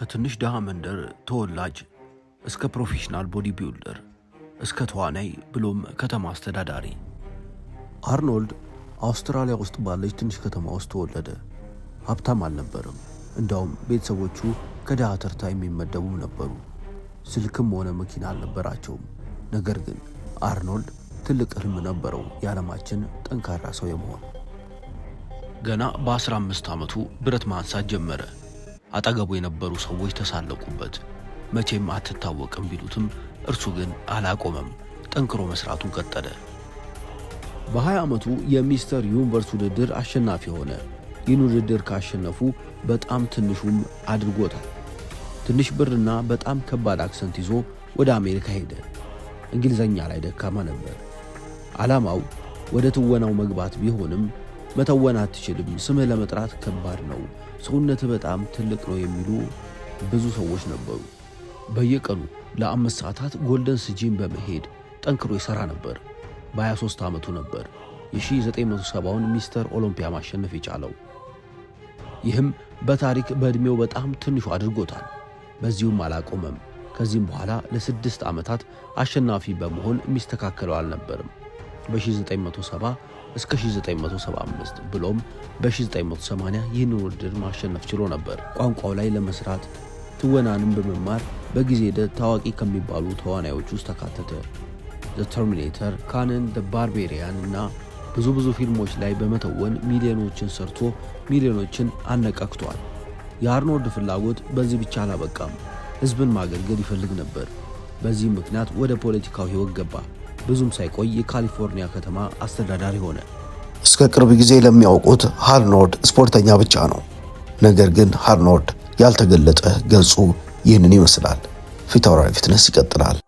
ከትንሽ ድሃ መንደር ተወላጅ እስከ ፕሮፌሽናል ቦዲ ቢውልደር እስከ ተዋናይ ብሎም ከተማ አስተዳዳሪ አርኖልድ አውስትራሊያ ውስጥ ባለች ትንሽ ከተማ ውስጥ ተወለደ። ሀብታም አልነበረም። እንዳውም ቤተሰቦቹ ከድሃ ተርታ የሚመደቡ ነበሩ። ስልክም ሆነ መኪና አልነበራቸውም። ነገር ግን አርኖልድ ትልቅ ህልም ነበረው፣ የዓለማችን ጠንካራ ሰው የመሆን። ገና በ15 ዓመቱ ብረት ማንሳት ጀመረ። አጠገቡ የነበሩ ሰዎች ተሳለቁበት። መቼም አትታወቅም ቢሉትም እርሱ ግን አላቆመም፣ ጠንክሮ መስራቱን ቀጠለ። በ20 ዓመቱ የሚስተር ዩኒቨርስ ውድድር አሸናፊ ሆነ። ይህን ውድድር ካሸነፉ በጣም ትንሹም አድርጎታል። ትንሽ ብርና በጣም ከባድ አክሰንት ይዞ ወደ አሜሪካ ሄደ። እንግሊዘኛ ላይ ደካማ ነበር። ዓላማው ወደ ትወናው መግባት ቢሆንም መተወን አትችልም፣ ስምህ ለመጥራት ከባድ ነው፣ ሰውነትህ በጣም ትልቅ ነው የሚሉ ብዙ ሰዎች ነበሩ። በየቀኑ ለአምስት ሰዓታት ጎልደን ስጂም በመሄድ ጠንክሮ ይሠራ ነበር። በ23 ዓመቱ ነበር የ1970ውን ሚስተር ኦሎምፒያ ማሸነፍ የቻለው። ይህም በታሪክ በዕድሜው በጣም ትንሹ አድርጎታል። በዚሁም አላቆመም። ከዚህም በኋላ ለስድስት ዓመታት አሸናፊ በመሆን የሚስተካከለው አልነበርም። በ1970 እስከ 1975 ብሎም በ1980 ይህን ውድድር ማሸነፍ ችሎ ነበር። ቋንቋው ላይ ለመስራት ትወናንም በመማር በጊዜ ሂደት ታዋቂ ከሚባሉ ተዋናዮች ውስጥ ተካተተ። ዘ ተርሚኔተር፣ ካንን፣ ደ ባርቤሪያን እና ብዙ ብዙ ፊልሞች ላይ በመተወን ሚሊዮኖችን ሰርቶ ሚሊዮኖችን አነቃቅቷል። የአርኖልድ ፍላጎት በዚህ ብቻ አላበቃም። ህዝብን ማገልገል ይፈልግ ነበር። በዚህ ምክንያት ወደ ፖለቲካው ህይወት ገባ። ብዙም ሳይቆይ የካሊፎርኒያ ከተማ አስተዳዳሪ ሆነ። እስከ ቅርብ ጊዜ ለሚያውቁት ሃርኖልድ ስፖርተኛ ብቻ ነው። ነገር ግን ሃርኖልድ ያልተገለጠ ገጹ ይህንን ይመስላል። ፊታውራሪ ፊትነስ ይቀጥላል።